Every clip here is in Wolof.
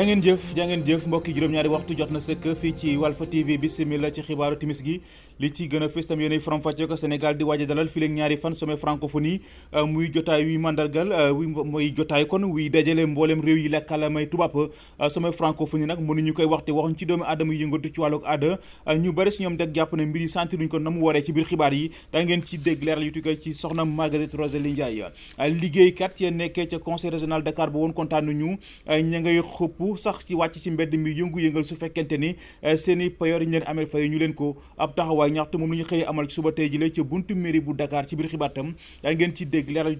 jaa ngeen jëf jaa ngeen jëf mbokki juróom-ñaari waxtu jot na sëkk fii ci Walfa TV bismilla ci xibaaru timis gi li ci gën a fës tam yéenay faram-fàccee ko di waaj a dalal fii ñaari fan sommet francophonie euh, muy jotaay wi mandargal euh, wi jotaay kon wuy dajale mboolem réew yi la kàllaamay tubaab euh, sommet francophonie nag mënuñu koy waxte waxuñ ci doomi aadama yu ci wàlluk aada ñu bari si ñoom deg jàpp ne mbir yi sentiruñ ko na mu waree ci biir xibaar yi daa wu sax ci wàcc ci mbedd mi yëngu-yëngal su fekkente ni eh, seen i payoor yi ñu leen amel fay ñu leen ko ab taxawaay ñaxtu ci suba tey jile ci buntu mairie bu Dakar ci biir xibaatam yaa ngeen ci dégg leeral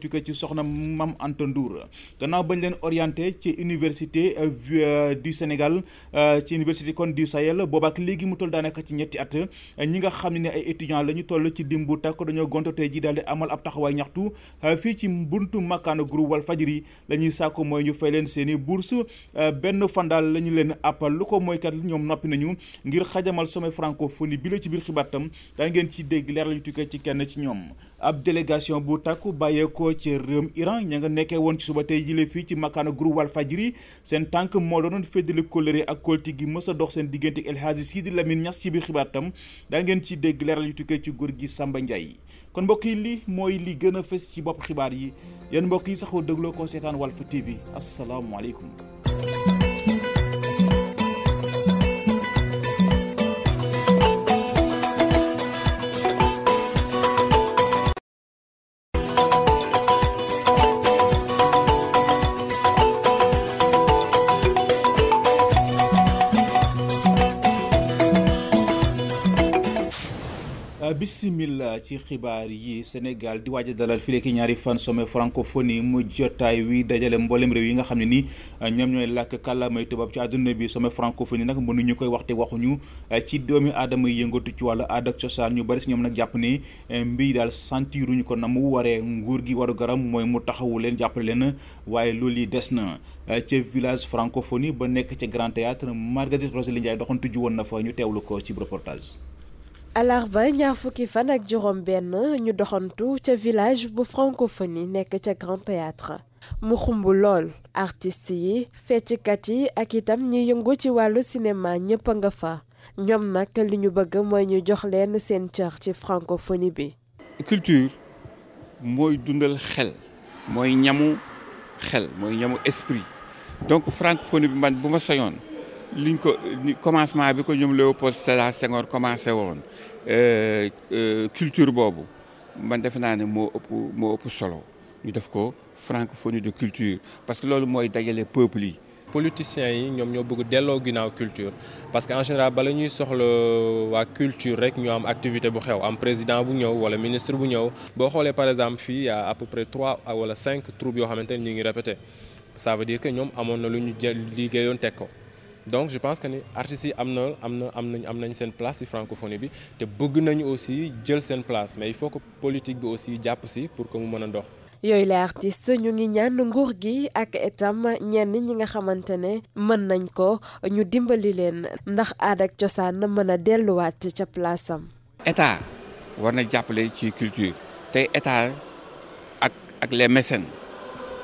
eh, eh, léegi mu toll daanaka ci ñetti at ñi nga xam ne ay la ñu toll ci dimbu takk dañoo gonto tey ji daal di amal ab taxawaay ñaxtu fii ci buntu makkaana groupe Walfadjri la ñuy sàkku mooy ñu fay leen seen i bourse benn benn la ñu leen àppal lu ko moykat kat ñoom noppi nañu ngir xajamal sommet francophonie bi la ci biir xibaar tam daa ngeen ci dégg leeral yu ci kenn ci ñoom ab délégation bu takku bàyyeekoo ci réewum Iran ña nga nekkee woon ci suba tey jile fii ci makkaana faj Walfadjri seen tànk moo doonoon féddali kóllëre ak kóolti gi mës a dox seen diggante ak El Hadji Sidi ñax Niass ci biir xibaar tam daa ngeen ci dégg leeral yu tukkee ci góor gi Samba Ndiaye kon mbokk yi li mooy li gën a fës ci bopp xibaar yi yéen mbokk yi saxoo dégloo ko seetaan Walf TV asalaamualeykum ci xibaar yi Sénégal di waaj a dalal fii léegi ñaari fan sommet francophonie mu jotaay wi dajale mboolem réew yi nga xam ne nii euh, ñoom ñooy làkk kàllaamay tubaab ci àdduna bi sommet francophonie nag mënuñu koy waxte waxuñu euh, ci doomi aadama yi yëngatu ci wàllu aada ak cosaan ñu bari si ñoom nag jàpp ni euh, mbii daal santiiruñu ko na mu waree nguur gi waru garam mooy mu taxawu leen jàppale leen waaye loolu yi des na ca village francophonie ba nekk ca Grand Théâtre Marguerite Rosalie Ndiaye doxantu ju woon na fa ñu teewlu ko ci reportage alarba ñaar fukki fan ak juróom benn ñu doxantu ca village bu francophonie nekk ca grand théâtre mu xumb lool artistes yi fecckat yi ak itam ñi yëngu ci wàllu cinéma ñépp a nga fa ñoom nag li ñu bëgg mooy ñu jox leen seen cër ci francophonie bi culture mooy dundal xel mooy ñamu xel mooy ñamu esprit donc francophonie bi man bu ma soyoon liñ ko commencement bi ko ñoom Léopold Sédar Senghor commencé woon euh, euh, culture boobu man defe naa ne moo ëpp moo ëpp solo ñu def ko francophonie de culture parce que loolu mooy dajale peuple yi. politiciens yi ñoom ñoo bëgg delloo ginnaaw culture parce que en général bala ñuy soxla euh, waa culture rek ñu am activité bu xew am président bu ñëw wala ministre bu ñëw boo xoolee par exemple fii y a à peu près trois wala cinq troupes yoo xamante ne ñu ngi répété ça veut dire que ñoom amoon na lu ñu jël liggéeyoon teg ko. donc je pense que ni artistes yi am na am na am nañ am nañ seen place ci francophonie bi te bëgg nañu aussi jël seen place mais foo ko que bi aussi jàpp si pour que mu mën a dox. yooyu la artiste ñu ngi ñaan nguur gi ak itam ñenn ñi nga xamante ne mën nañ ko ñu dimbali leen ndax aada ak cosaan mën a delluwaat ca place am. état war na jàppale ci culture tey état ak ak les mécènes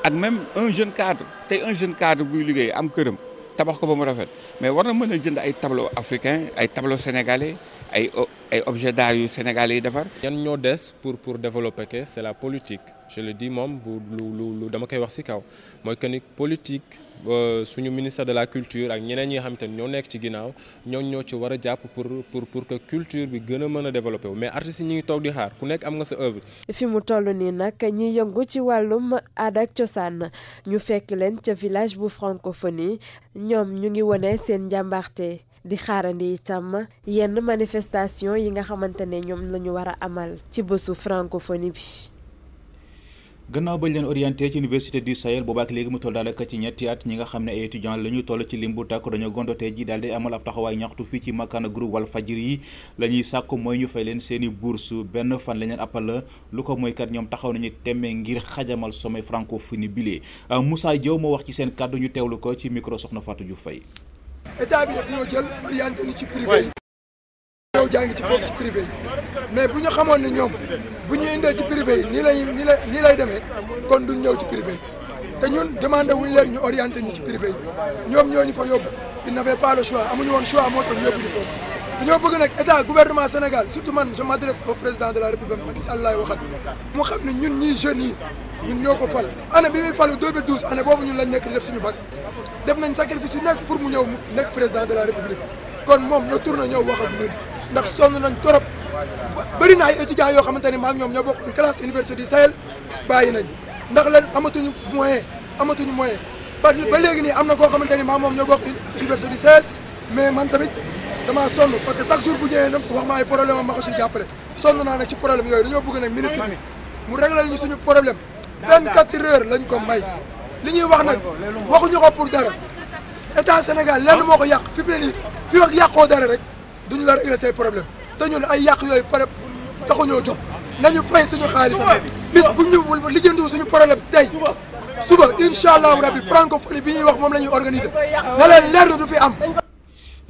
ak même un jeune cadre tey un jeune cadre buy liggéey am këram. tabax ko ba mu rafet mais war na mën a jënd ay tableau africain ay tableau sénégalais ay ay objet d'art yu Sénégal yi defar. yan ñoo des pour pour développer que c'est la politique je le moom bu lu lu lu dama koy wax ci kaw mooy que ni politique euh, suñu ministre de la culture ak ñeneen ñi nga xam te ñoo nekk ci ginnaaw ñoo ñoo ci war a jàpp pour pour pour culture bi gën a mën a développer wu mais artistes yi ñu ngi toog di xaar ku nekk am nga sa œuvre. fi mu toll nii nag ñi yëngu ci wàllum aada ak cosaan ñu fekk leen ca village bu francophonie ñoom ñu ngi wone seen njàmbaarte. di xaarandi itam yenn manifestation yi nga xamante ne ñoom la ñu war amal ci bésu francophonie bi. gannaaw bañ leen orienté ci université du Sahel ak léegi mu toll daanaka ci ñetti at ñi nga xam ne ay étudiant la ñu toll ci lim bu tàkk dañoo gondotee ji daal di amal ab taxawaay ñaxtu fii ci makkaana groupe Walfadjri yi la ñuy sàkk mooy ñu fay leen seeni bourse benn fan la leen appal lu ko moykat ñoom taxaw nañu temmee ngir xajamal sommet francophonie bile Moussa Diop moo wax ci seen kàddu teewlu ko ci micro soxna Fatou Diouf état bi daf ñoo jël orienté ñu ci privé yi ñëw jàng ci foofu ci privé yi mais bu ñu xamoon ne ñoom bu ñu indee ci privé yi nii lay nii lay nii lay demee kon duñ ñëw ci privé yi te ñun demandé wuñ leen ñu orienté ñu ci privé yi ñoom ñoo ñu fa yóbbu il n'avait pas le choix amuñu woon choix moo tax yóbbu ñu foofu dañoo bëgg nag état gouvernement Sénégal surtout man je m'adresse au président de la République Macky Sall laay mu xam ne ñun ñi jeunes yi ñun ñoo ko fal année bi muy falu 2012 année boobu ñun lañ nekk di def suñu bac def nañ sacrifice yu nekk pour mu ñëw nekk la république kon moom na tourné ñëw wax ak ñun ndax sonn nañ torop bëri na ay yoo xamante ni maa ñoom ñoo bokkoon classe université du Sahel bàyyi amatuñu moyen amatuñu moyen ba ba na koo xamante ni maa moom ñoo bokk université du Sahel mais man tamit damaa sonn parce que chaque jour bu ñëwee nag wax ma ay problème am ma ko si yooyu dañoo bëgg nag ministre bi mu réglal ñu suñu problème 24 heures lañ ko may li ñuy wax nag waxuñu ko pour dara état Sénégal lenn moo ko yàq fi mu ne nii fi wax yàqoo dara rek duñu la régler say problème te ñun ay yàq yooyu pare taxuñoo jóg nañu fay suñu xaalis bis bu ñu lijjandiwu suñu problème tey suba incha allahu rabbi francophonie bi ñuy wax moom la ñuy organiser na leen leer du fi am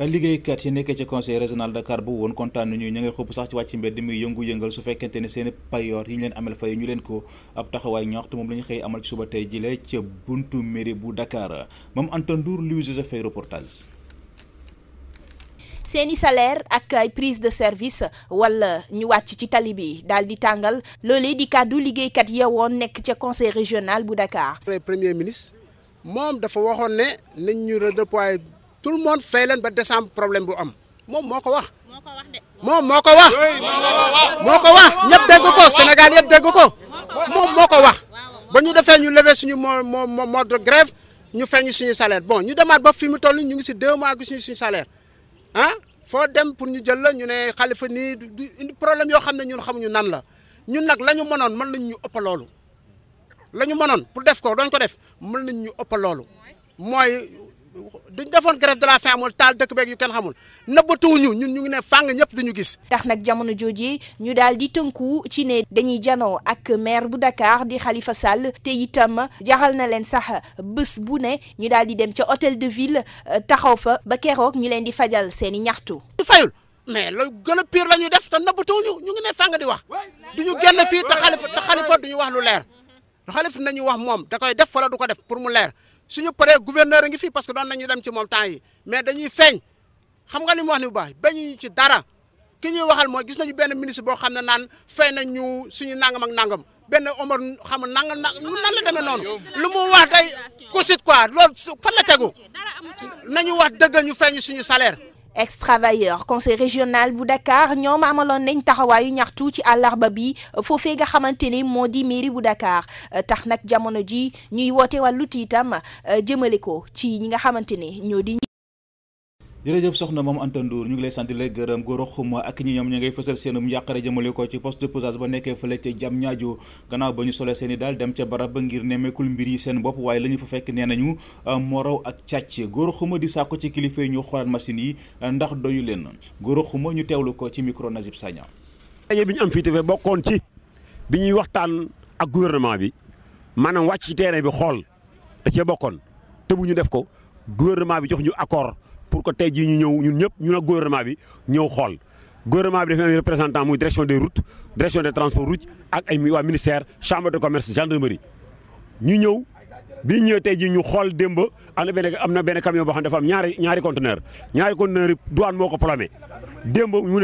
liggéeykat yi nekk ci conseil régional Dakar bu woon kontaan nañu ñu ngay xóob sax ci wàcc mbedd muy yëngu-yëngal su fekkente ne seen payoor yi ñu leen amel fay ñu leen ko ab taxawaay ñaxtu moom la ñu amal ci suba tey jile ca buntu mairie bu Dakar moom Antoine Ndour Louis Joseph Faye reportage seeni salaire ak ay prise de service wala ñu wàcc ci tali bi daal di tàngal loolee di kàddu liggéeykat yeewoon nekk ca conseil régional bu Dakar. premier ministre tout le monde fay leen ba décembre problème bu am moom moo ko wax. moo moom moo ko wax. moo ko wax ñëpp dégg ko Sénégal yëpp dégg ko moom moo ko wax ba ñu defee ñu lever suñu moo moo moo de grève ñu feeñ suñu salaire bon ñu demaat ba fi mu toll ñu ngi si dee deux mois gisuñu suñu salaire ah foo dem pour ñu jël la ñu ne xalifa nii du indi problème yoo xam ne ñun xamuñu nan la ñun nag la ñu mënoon mën nañ ñu ëpp loolu la ñu mënoon pour def ko doon ko def mën nañ ñu ëpp loolu mooy. duñ defoon grève de la faim amul taal dëkk beeg yu kenn xamul nëbbatuwuñu ñun ñu ngi ne fàng ñëpp ñu gis. ndax nag jamono jooje ñu daal di tënku ci ne dañuy janoo ak maire bu Dakar di Khalifa Sall te itam jaxal na leen sax bés bu ne ñu daal di dem ca hôtel de ville euh, taxaw fa ba keroog ñu leen di fajal seen i ñaxtu. ñu fayul mais lu gën a la ñuy def te nëbbatuwuñu ñu ngi ne fàng di wax duñu génn fii te Khalifa te Khalifa wax lu leer Khalifa nañu wax moom da koy def wala du ko def pour mu leer. suñu paree gouverneur a ngi fi parce que doon nañu dem ci moom temps yi mais dañuy feeñ xam nga li mu wax ni bu baax bañuñu ci dara ki ñuy waxal mooy gis nañu benn ministre boo xam ne naan fay nañ ñu suñu nangam ak nangam benn Omar xam nga nangam na nan la demee noonu lu mu wax day kusit quoi loolu fan la tegu nañu wax dëgg ñu fay ñu suñu salaire. ex travailleur conseil régional bu Dakar ñoo ñoom amaloon nañ taxawaayu ñaxtu ci àllarba bi euh, foofee nga xamante ni moo di mairie bu Dakar euh, tax nag jamono ji ñuy woote wàllu tiitam euh, jëmale ko ci ñi nga xamante ni ñoo di. jërëjëf soxna moom Anta ñu ngi lay sant lay gërëm góor a xuma ak ñi ñoom ñu ngay fësal seenum yàqare jëmale ko ci poste de pesage ba nekkee fële ca jam ñaajo gannaaw ba ñu sole seen i daal dem ca barab ba ngir nemmeekul mbir yi seen bopp waaye la ñu fa fekk nee nañu euh, moraw ak càcc góor a xuma di saako ci kilifa yi ñu xoolaat machine yi euh, ndax doyu leen góor a xuma ñu teewlu ko ci micro Nazib Sagna daje bi ñu am fii te bokkoon ci bi ñuy waxtaan ak gouvernement bi maanaam wàcc ci terrain bi xool da cee bokkoon te def ko gouvernement bi jox ñu accord pour que tey jii ñu ñëw ñun ñëpp ñun ak gouvernement bi ñëw xool gouvernement bi dafa am représentant ñu ñëw bi ñëwee tey jii ñu xool démb am na benn am na benn camion boo xam ne ko plomé démb ñu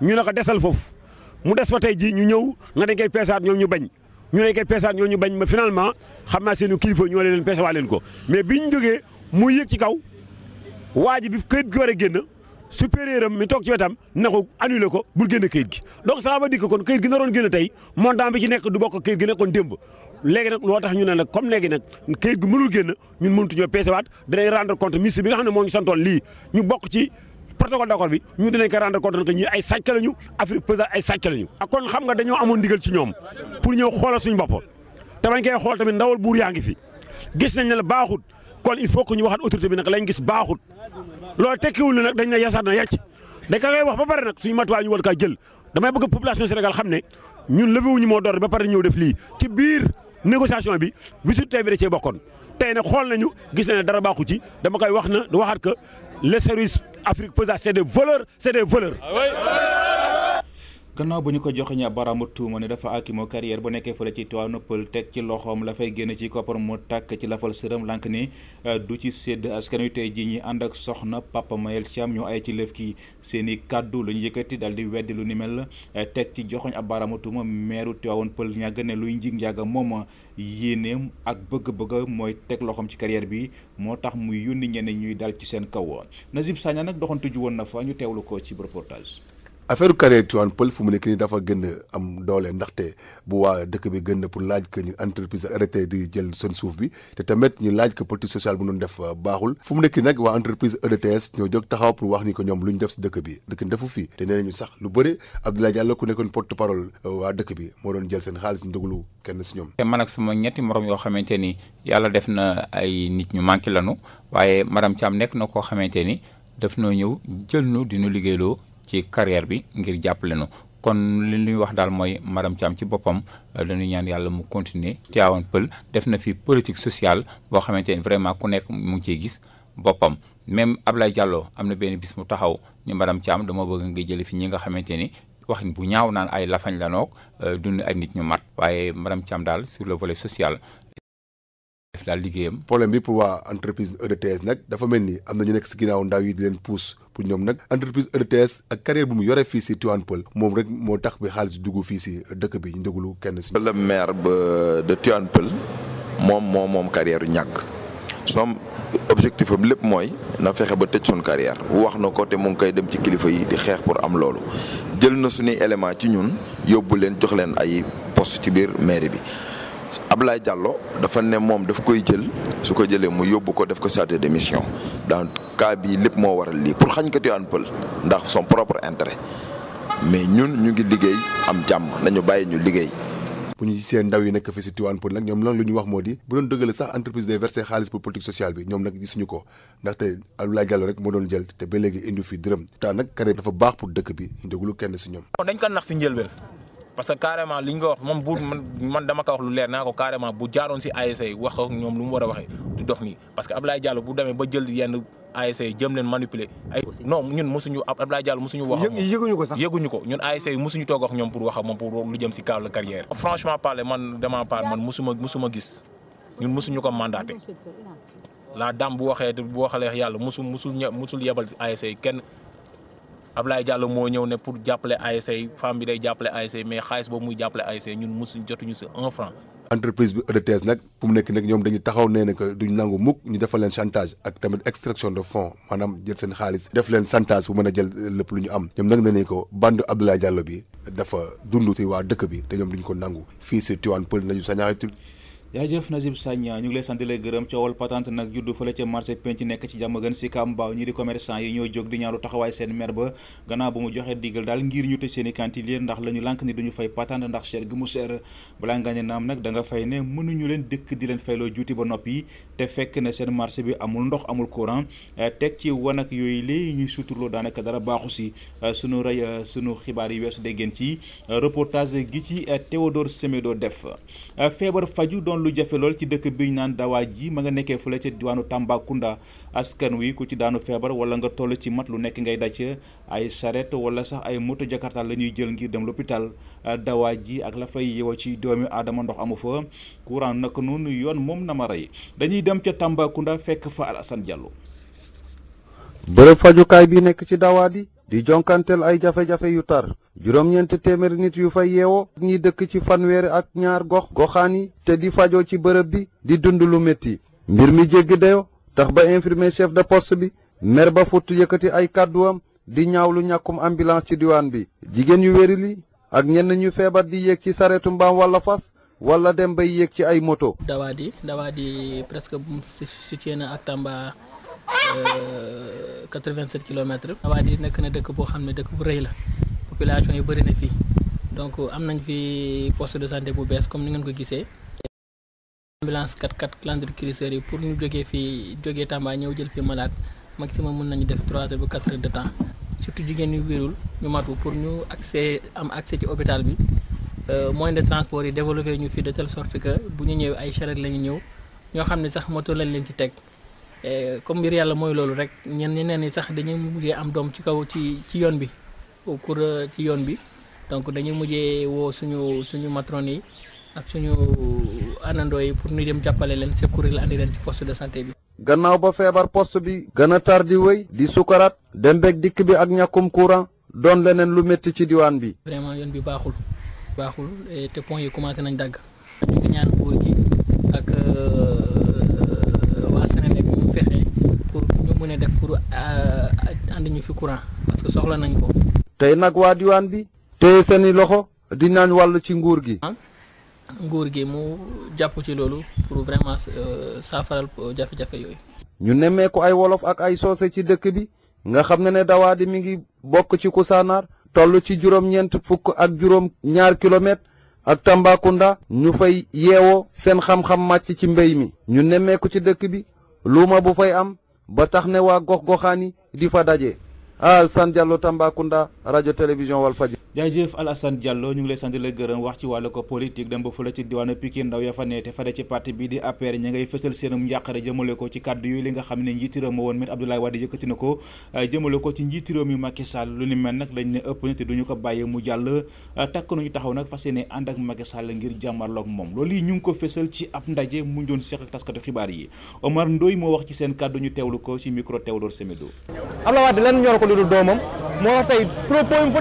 ne ko desal foofu mu des fa tey jii ñu ñëw nga dañ koy peesaat ñu bañ ñu ne kat peesaan ñoo ñu bañ ma finalement xam naa seenu kilifa ñoo leen peese leen ko mais bi ñu jógee mu yëg ci kaw waa ji bi këyit gi war a génn supérieur am mi toog ci wetam na ko annulé ko bu génn këyit gi donc ça veut ko que kon këyit gi naroon génn tey montant bi ci nekk du bokk këyit gi nekkoon démb léegi nag loo tax ñu ne la comme léegi nag këyit gi mënul génn ñun mënutuñoo peese waat danay rendre compte ministre bi nga xam ne moo ñu santoon lii ñu bokk ci protocole d'accord bi ñu dinañ ko rendre compte que ñi ay sàcc lañu Afrique pesant ay sàcc lañu. ak ah, kon xam nga dañoo amoon ndigal ci ñoom pour ñëw xoolal suñu bopp te bañ koy xool tamit yaa ngi fi gis nañ ne la baaxut kon faut que ñu waxaat autorité bi nag lañ gis baaxut loolu tekkiwul ne nag dañ ne yasaat na yàcc dañ ko koy wax ba pare nag suñu matuwaay ñu war kaa jël damay bëgg population Sénégal xam ne ñun levé wuñu moo door ba pare ñëw def lii ci biir négociation bi visite tey bi da cee bokkoon tey nag xool nañu gis na ne dara baaxu ci dama koy wax na waxaat que les services Afrique Peuzat c'est des voleurs c'est des voleurs. Ah oui. gannaaw bu ñu ko joxe ña baramu tuuma ne dafa akimoo carrière bu nekkee fële ci Tivaouane Peulh teg ci loxoom la fay génne ci koppar mu tàkk ci lafal sërëm lànk ni euh, du ci sédd askan wi jii ñi ànd ak soxna Papa Mayel Thiam ñu ay ci lëf kii seen i kàddu lu ñu yëkkati daal di weddi lu ni mel euh, teg ci joxoñ ab baramu tuuma meeru Tivaouane Peulh ñàgg ne luy njig njàgg moom yéeneem ak bëgg-bëgg mooy teg loxoom ci carrière bi moo tax muy yónni ñeneen ñuy dal ci seen kaw Nazib Sagna nag doxantu ju woon na fa ñu teewlu ko ci reportage affaire carrière Tivaouane Peulh fu mu nekk nii dafa gën a am doole ndaxte bu waa dëkk bi gën na pour laaj que ñu entreprise arrêté di jël seen suuf bi te tamit ñu laaj ko politique sociale bu ñu def euh, baaxul fu mu nekk nag waa entreprise EDTS ñoo jóg taxaw pour wax ni ko ñoom lu ñu def si dëkk bi dëkk defu fii te nee nañu sax lu bëri Abdoulaye Diallo ku nekkoon porte parole euh, waa dëkk bi moo doon jël seen xaalis nduglu kenn si ñoom. te man sama ñetti morom yoo xamante ni yàlla def na ay nit ñu manqué lanu waaye madame Thiam nekk na koo xamante ni daf noo ñëw jël nu liggéeyloo ci carrière bi ngir jàppale nu kon li ñuy wax daal mooy madame Thiam ci boppam euh, dañuy ñaan yàlla mu continuer Tivaouane Peulh def na fi politique sociale boo xamante ni vraiment ku nekk mu ngi cee gis boppam même Ablaye Diallo am na benn bis mu taxaw ni madame Thiam dama bëgg nga jële fi ñi nga xamante ni wax bu ñaaw naan ay lafañ la noog euh, dund ay nit ñu mat waaye madame Thiam daal sur le volet social def liggéeyam. problème bi pour waa entreprise EDTS nag dafa mel ni am na ñu nekk si ginnaaw ndaw yi di leen pousse pour ñoom nag entreprise EDTS ak carrière bu mu yore fii si Tivaouane Peulh moom rek moo tax bi xaalis dugg fii si dëkk bi ñu déglu kenn si. le maire ba de Tivaouane Peulh moom moo moom carrière ñàkk soom objectif am lépp mooy na fexe ba tëj suñu carrière wax na ko te mu ngi koy dem ci kilifa yi di xeex pour am loolu jël na suñuy élément ci ñun yóbbu leen jox leen ay poste ci biir mairie bi. ab Ablaye Diallo dafa ne moom daf koy jël su ko jëlee mu yóbbu ko def ko chargé de mission dans cas bii lépp moo waral lii pour xañ ko Tivaouane Peulh ndax son propre intérêt mais ñun ñu ngi liggéey am jàmm nañu bàyyi ñu liggéey. bu ñu seen ndaw yi nekk fi si Tivaouane Peulh nag ñoom loolu lu ñu wax moo di bu doon dëgg la sax entreprise day versé xaalis pour politique sociale bi ñoom nag gisuñu ko ndaxte Abdoulaye Diallo rek moo doon jël te ba léegi indi fi dërëm. taa nag dafa baax pour dëkk bi ñu kenn si ñoom. dañ ko nax si njëlbeen parce que carrément li ñu ko wax moom bu man dama ko wax lu leer naa ko carrément bu jaaroon si ASC wax ko ñoom lu mu war a waxee du dox nii parce que Abdoulaye Diallo bu demee ba jël yenn ASC jëm leen manipuler ñun mosuñu Abdoulaye Diallo mosuñu wax yëguñu ko sax yëguñu ko ñun ASC mosuñu toog wax ñoom pour wax ak moom lu jëm si kaw la carrière franchement parler man dama part man mosuma mosuma gis ñun mosuñu ko mandaté la dame bu waxee bu waxalee yàlla mosul mosul mosul yebal ASC kenn Ablaye Diallo moo ñëw ne pour jàppale ASC femme bi day jàppale ASC mais xaalis boobu muy jàppale ASC ñun mosuñ jotuñu si un franc. entreprise bi EDTS nag fu mu nekk nag ñoom dañu taxaw nee na que duñ nangu mukk ñu defal leen chantage ak tamit extraction de fonds maanaam jël seen xaalis def leen chantage bu mën a jël lépp lu ñu am ñoom nag ne nañ ko bande Abdoulaye Diallo bi dafa dundu si waa dëkk bi te ñoom duñ ko nangu fii si Tivaouane Peulh nañu sañaay jaajëf Nazib Sagna ñu ngi lay sant di lay gërëm coowal patente nag juddu fële ca marché penc nekk ci jàmm gën si ñi di commerçant yi ñoo jóg di ñaaru taxawaay seen mer ba gannaaw bu mu joxee digal daal ngir ñu tëj seen i cantine ndax la ñu lànk ni duñu fay patente ndax cher gi mu seer balaa nga ne naam nag da nga ne mënuñu leen dëkk di leen fayloo juuti ba noppi te fekk na seen marché bi amul ndox amul courant eh, teg ci wan ak yooyu lii ñuy suturloo daanaka dara baaxu si eh, sunu rey eh, sunu xibaar yi weesu déggeen ci reportage gi ci Théodore Semedo def feebar faju doon doon lu jafe lool ci dëkk bi ñu naan dawaa ji ma nga nekkee fële ca diwaanu Tambacounda askan wi ku ci daanu feebar wala nga toll ci mat lu nekk ngay daj ay charrette wala sax ay moto jakarta la ñuy jël ngir dem l'hôpital dawaa ji ak la fay yeewoo ci doomi aadama ndox amu fa courant nag noonu yoon moom na ma rey dañuy dem ca Tambacounda fekk fa Alassane Diallo. bërëb fajukaay bi nekk ci dawaa di jonkanteel ay jafe-jafe yu tar juróom ñeent téeméeri nit yu fay yeewoo ñi dëkk ci fanweeri ak ñaar gox goxaan yi te di fajoo ci bërëb bi di dund lu métti mbir mi jéggi dayo tax ba infirmier chef de poste bi mer ba futt yëkkati ay kàdduwam di ñaaw lu ñàkkum ambulance ci diwaan bi jigéen yu wéri li ak ñenn ñu feebar di yéeg ci sareetu mbaam walla fas walla dem bay yéeg ci ay moto dawaadi 87 euh, kilomètres. yi nekk na dëkk boo xam ne dëkk bu rëy la population yu bëri na fii donc am nañ fi poste de santé bu bees comme ni ngeen ko gisee. ambulance 4x4 clandre crisseurs yi pour ñu jógee fii jógee Tamba ñëw jël fi malade maximum mun nañu def 3 heures ba 4 heures de temps surtout jigéen ñu wérul ñu matu pour ñu accès am accès ci hôpital bi euh, moyen de transport yi développé ñu fii de telle sorte que bu ñu ñëwee ay charrette la ñu ñëw ñoo xam ne sax moto lañ leen ci teg. Eh, comme mbir yàlla mooy loolu rek ñen neen ñi sax dañuy mujjee am doom ci kaw ci ci yoon bi au euh, ci yoon bi donc dañuy mujjee woo suñu suñu matron yi ak suñu àndandoo yi pour ñu dem jàppale leen secourir la andi leen ci poste de santé bi. gannaaw ba feebar post bi. gën a tar di wéy di sukaraat. dem beeg dikk bi ak ñàkkum courant doon leneen lu métti ci diwaan bi. vraiment yoon bi baaxul baaxul te pont yi commencé nañ dagg. mën a def pour andi euh, ñu fi courant parce que soxla nañ ko. tey nag waa diwaan bi téye seeni loxo di naan wàll ci nguur gi. Ah, nguur gi mu jàpp ci loolu pour vraiment euh, saafaral euh, jafe-jafe yooyu. ñu nemmeeku ay wolof ak ay soose ci dëkk bi nga xam ne ne dawaadi mi ngi bokk ci Koussanar toll ci juróom-ñeent fukk ak juróom ñaar kilomètre ak Tambacounda ñu fay yeewoo seen xam-xam màcc ci mbéy mi ñu nemmee ci dëkk bi luuma bu fay am ba tax ne waa gox goxaani di fa daje. Alassane Diallo Tambacounda rajo télévision Walfadjri. jaajëf Alassane Diallo ñu ngi lay sant la gërëm wax ci wàllu ko politique dem ba ci diwaanu Pikine ndaw ya ne te fare ci parti bii di APR ñi ngay fësal seenum njàqare jëmale ko ci kàddu yooyu li nga xam ne njiiti réew ma woon met Abdoulaye Wade yëkkati na ko euh, jëmale ko ci njiiti réew mi Macky Sall lu ni mel nag dañ ne ëpp na te duñu ko bàyyi mu jàll euh, takk nañu taxaw nag fas ànd ak Macky Sall ngir jàmmarloog moom loolu yi ñu ngi ko fësal ci ab ndaje mu doon seq ak taskatu xibaar yi Omar Ndoye moo wax ci seen kàddu ñu teewlu ko ci micro Théodore Semedo lu dul doomam moo tax tey propos yi mu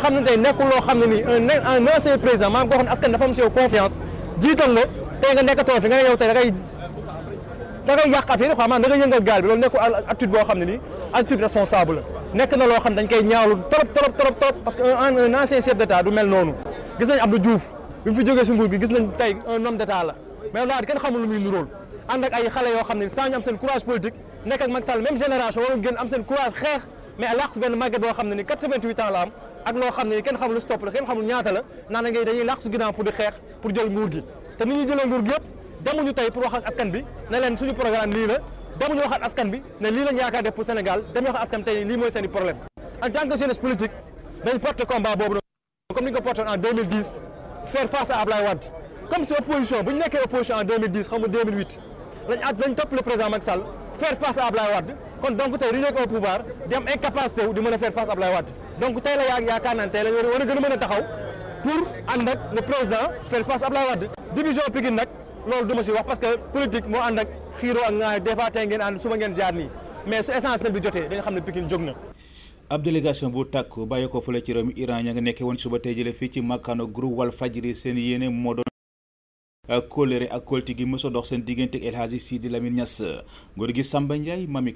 xam ne tey nekkul loo xam ne nii un ancien président maanaam koo xam ne askan dafa am si yow jiital la tey nga nekkatoo nga ne yow tey da yàq affaire yi quoi maanaam da ngay yëngal gaal bi responsable nekk na loo xam dañ koy ñaawlu trop trop trop trop parce que un un ancien chef d'état du mel noonu gis nañ Abdou Diouf bi mu fi jógee si nguur gi gis nañ tey un homme d'état la mais loolu kenn xamul lu muy nuróol ànd ak ay mais làqu benn màgget boo xam ne ni 88 ans la am ak loo xam ne ni kenn xamul stop la kenn xamul ñaata la naan ngay dañuy làqu ginnaaw pour di xeex pour jël nguur gi te nit ñi jëloo nguur gi yëpp demuñu tey pour wax ak askan bi ne leen suñu programme lii la demuñu waxaat askan bi ne lii lañ yaakaar def pour Sénégal dem wax askan tey lii mooy seen i problème en tant que jeunesse politique dañ porté combat boobu noonu comme ni kon donc tey dañu nekk au di am incapacité di mën a faire face Abdoulaye Wade donc tey la yaa yaakaar naan tey la war a gën a mën a taxaw pour ànd ak le président faire face Abdoulaye Wade division Pikine nag loolu du ma si wax parce que politique moo ànd ak xiiroo ak ŋaay des ngeen ànd suba ngeen jaar nii mais su essentiel bi jotee dañu xam ne Pikine jóg na. ab délégation bu tàkk bàyyi ko fële ci réewum Iran ña nga nekkee woon suba tey fii kóllëre ak kolti gi mësa dox seen diggante ak El Hadji Sidi gi Samba Ndiaye Mami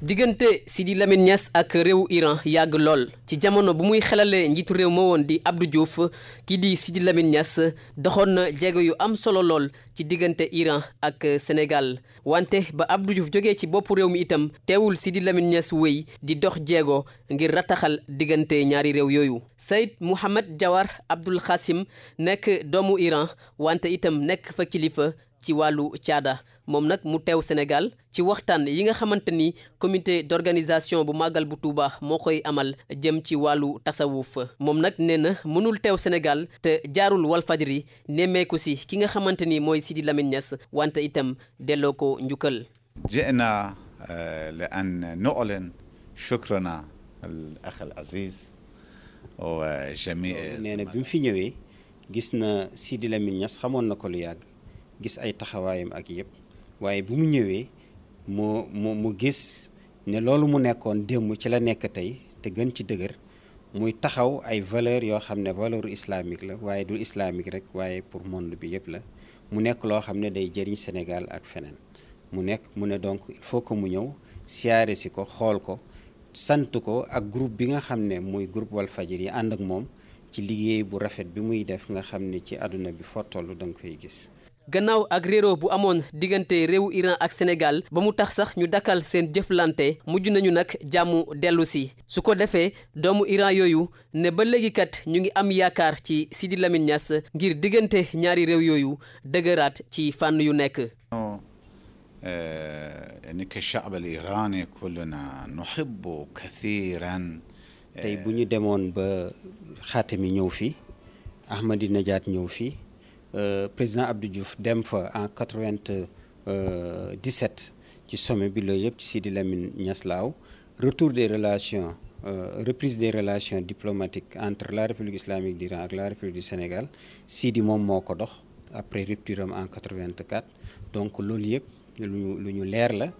diggante Sidi Lamine Niass ak réew Iran yàgg lool ci jamono bu muy xelalee njiitu réew ma woon di Abdou Diouf kii di Sidi Lamine Niass doxoon na jéego yu am solo lool ci diggante Iran ak Sénégal wante ba Abdou jóge ci bopp réew mi itam teewul Sidi Lamine Niass wéy di dox jéego ngir rataxal diggante ñaari réew yooyu. Saïd Mouhamed Jawar Abdul xasim nekk doomu Iran wante itam nekk fa kilifa. ci wàllu caada moom nag mu teew Sénégal ci waxtaan yi nga xamante ni comité d'organisation bu màggal bu Tuuba moo koy amal jëm ci wàllu tasawuf moom nag nee na mënul teew Sénégal te jaarul Walfajri nemmeeku si ki nga xamante ni mooy siidi Lamine Niass wante itam delloo ko njukkal jina euh, li an nu'lin shukrana al akh aziz wa oh, euh, jami euh, nee na bi mu fi ñëwee gis na Sidi Lamine ñas xamoon na ko lu yàgg gis ay taxawaayam ak yëpp waaye bu mu ñëwee moo moo mu gis ne loolu mu nekkoon démb ci la nekk tey te gën ci dëgër muy taxaw ay valeur yoo xam ne valeur islamique la waaye du islamique rek waaye pour monde bi yëpp la mu nekk loo xam ne day jëriñ Sénégal ak feneen mu nekk mu ne donc il faut que mu ñëw siyaare si ko xool ko sant ko ak groupe bi nga xam ne muy groupe Walfadjri yi ànd ak moom ci liggéey bu rafet bi muy def nga xam ne ci àdduna bi foo toll da nga gis gannaaw ak réeroo bu amoon diggante réewu Iran ak Sénégal ba mu tax sax ñu dakkal seen jëflante mujj nañu nag jàmm dellu si su ko defee doomu Iran yooyu ne ba léegikat ñu ngi am yaakaar ci Sidi Lamine Niass ngir diggante ñaari réew yooyu dëgëraat ci fànn yu nekk. Euh, tey bu ñu demoon ba xaatami ñëw fi Ahmadinejad ñëw fi. Euh, président Abdou Diouf dem fa en 97 ci sommet bi loolu yëpp ci Sidi Lamine ñaslaaw retour des relations euh, reprise des relations diplomatiques entre la République islamique d'Iran ak la République du Sénégal Sidi moom moo ko dox après rupture am en 84 donc loolu yëpp luñu lu ñu leer la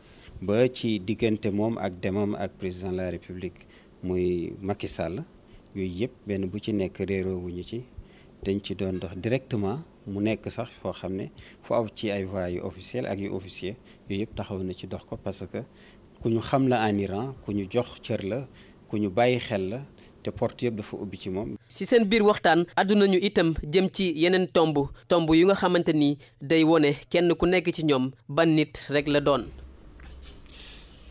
ba ci diggante moom ak demam ak président la République muy Macky Sall yooyu yëpp benn bu ci nekk réeroowuñu ci dañ ci doon dox directement mu nekk sax foo xam ne fu aw ci ay voies yu officiel ak yu officier yooyu yëpp taxaw na ci dox ko parce que ku ñu xam la en Iran ku ñu jox cër la ku ñu bàyyi xel la te porte yëpp dafa ubbi ci moom. si seen biir waxtaan àdduna ñu itam jëm ci yeneen tomb tomb yu nga xamante ni day wone kenn ku nekk ci ñoom ban nit rek la doon.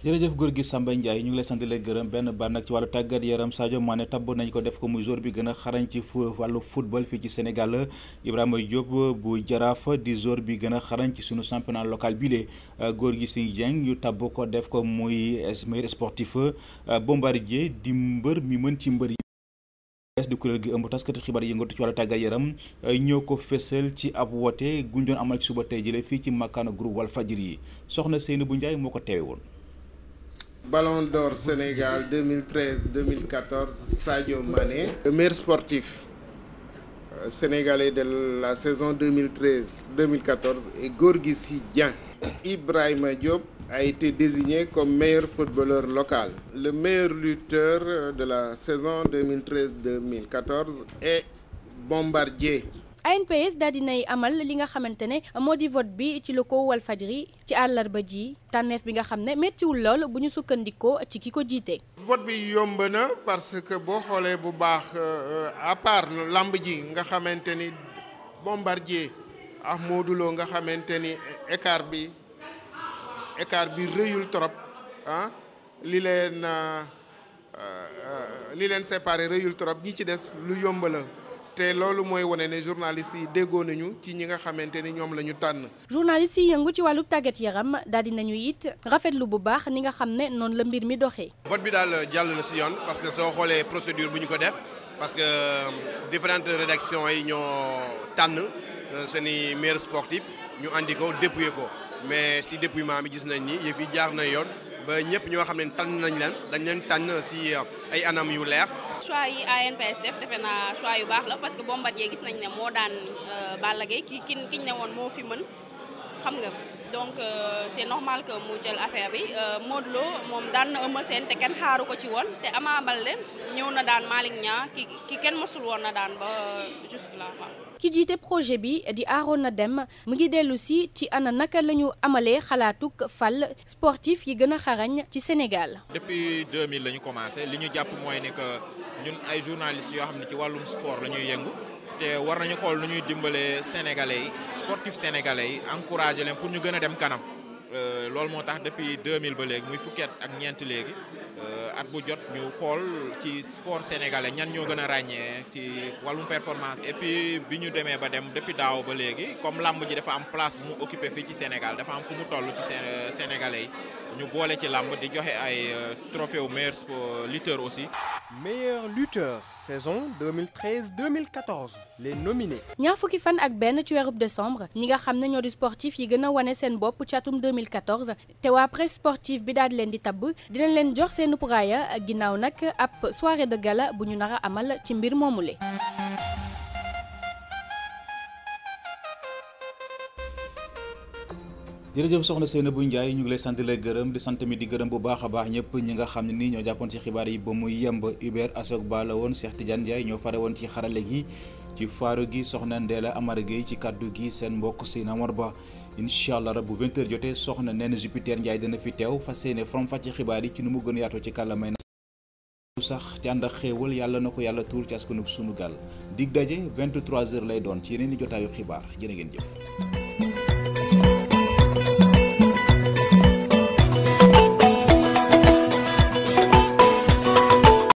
jërëjëf góor gi Samba Ndiaye ñu ngi lay sant gërëm benn ban nag ci wàllu tàggat yaram Sadio Mané tabb nañ ko def ko muy joueur bi gën a xarañ ci wàllu football fii ci senegal Ibrahima Diop bu Jaraaf di joueur bi gën a xarañ ci sunu championnat local bi lee góor gi Sine Dieng ñu tabb ko def ko muy meilleur sportif Bombardier di mbër mi mën ci mbër yi di kuréel gi ëmb taskati xibaar yëngatu ci wàllu tàggat yaram ñoo ko fesal ci ab woote guñ doon amal suba tey jële fii ci makkaanu groupe Walfadjri yi soxna Seynabou Ndiaye moo ko teewe woon Ballon d'Or Sénégal 2013 2014 Sadio Mané. Le meilleur sportif euh, sénégalais de la saison 2013 2014 est Gorgui Sy Dieng. Ibrahima Diop a été désigné comme meilleur footballeur local. Le meilleur lutteur euh, de la saison 2013 2014 est Bombardier. ANPS daal dinay amal li nga xamante ne moo di vote bi ci locaux Walfadjri ci àllarba ji tànneef bi nga xam ne méttiwul lool bu ñu sukkandikoo ci ki ko jiite. vote bi yomb na parce que boo xoolee bu baax euh, à part lamb ji nga xamante ni bombardier ak Modou Lo nga xamante ni écart bi écart bi rëyul trop ah li leen euh, euh, li leen séparé rëyul trop ñi ci des lu yomb la. te loolu mooy wane ne journaliste yi déggoo nañu ci ñi nga xamante ni ñoom la ñu tànn. journaliste yi yëngu ci wàllu tàgget yaram daal di nañu it rafetlu bu baax ni nga xam ne noonu la mbir mi doxee. vote bi daal jàll na si yoon parce que soo xoolee procédure bu ñu ko def parce que euh, différentes rédactions yi ñoo tànn euh, seeni meilleurs sportifs ñu andi ko dépouillé ko mais si dépouillement bi gis nañ ni yëf yi jaar nañ yoon ba ñëpp ñoo xam ne tànn nañ leen dañ leen tànn si euh, ay anam yu leer. choix yi ANPS def defe naa choix yu baax la parce que Bombardier gis nañ ne moo daan euh, Balla Gaye ki ki kiñ ne woon moo fi mën xam nga donc euh, c'est normal que mu jël affaire bi euh, Modou Lo moom daan na Eumeu Sène te kenn xaaru ko ci woon te Ama Baldé ñëw na daan Malick Niang ki ki kenn mësul woon na daan ba jusque là waaw ki jiite projet bi di na dem mu ngi dellu si ci ana naka la ñu amalee xalaatuk fal sportif yi gën a xarañ ci Sénégal. depuis 2000 la ñu commencé li ñu jàpp mooy ne que ñun ay journalistes yoo xam ne ci wàllum sport la ñuy yëngu. te war nañu xool nu ñuy dimbalee sénégalais yi sportif sénégalais yi encouragé leen pour ñu gën a dem kanam euh, loolu moo tax depuis mille ba léegi muy fukki at ak ñeent léegi at bu jot ñu xool ci sport sénégalais ñan ñoo gën a ràññee ci wàllum performance et puis bi ñu demee ba dem depuis daaw ba léegi comme làmb ji dafa am place bu mu occupé fii ci Sénégal dafa am fu mu toll ci sénégalais yi ñu boole ci làmb di joxe ay euh, trophée au meilleur lutteur aussi. meilleur lutteur saison 2013 2014 les nominés. ñaar fukki fan ak benn ci weerub décembre ñi nga xam ne ñoo di sportif yi gën a wane seen bopp ci atum 2014 te waa presse sportive bi daal di leen di tabb dinañ leen jox seen raaya ginnaaw nag ab soirée de gala bu ñu nar amal ci mbir moomule. jërëjëf soxna Seynabou Ndiaye ñu ngi lay sant di gërëm di sant mi di gërëm bu baax a baax ñëpp ñi nga xam ni nii ñoo jàppoon ci xibaar yi ba muy yemb Hubert Asok Ba la woon Cheikh Tidiane Ndiaye ñoo fare woon ci xarale gi ci faaru gi soxna Ndéla Amar Gueye ci kàddu gi seen mbokk si Mor Ba incha allah rab bu 20 jotee soxna neen Jupiter Ndiaye dina fi teew fas yéene faram fàcc ci xibaar yi ci nu mu gën a yaatoo ci kàllamay na sax te ànd ak yàlla na ko yàlla tuur ci askanu sunu gaal dig daje 23h lay doon ci yeneen i jotaayu xibaar jërë ngeen jëf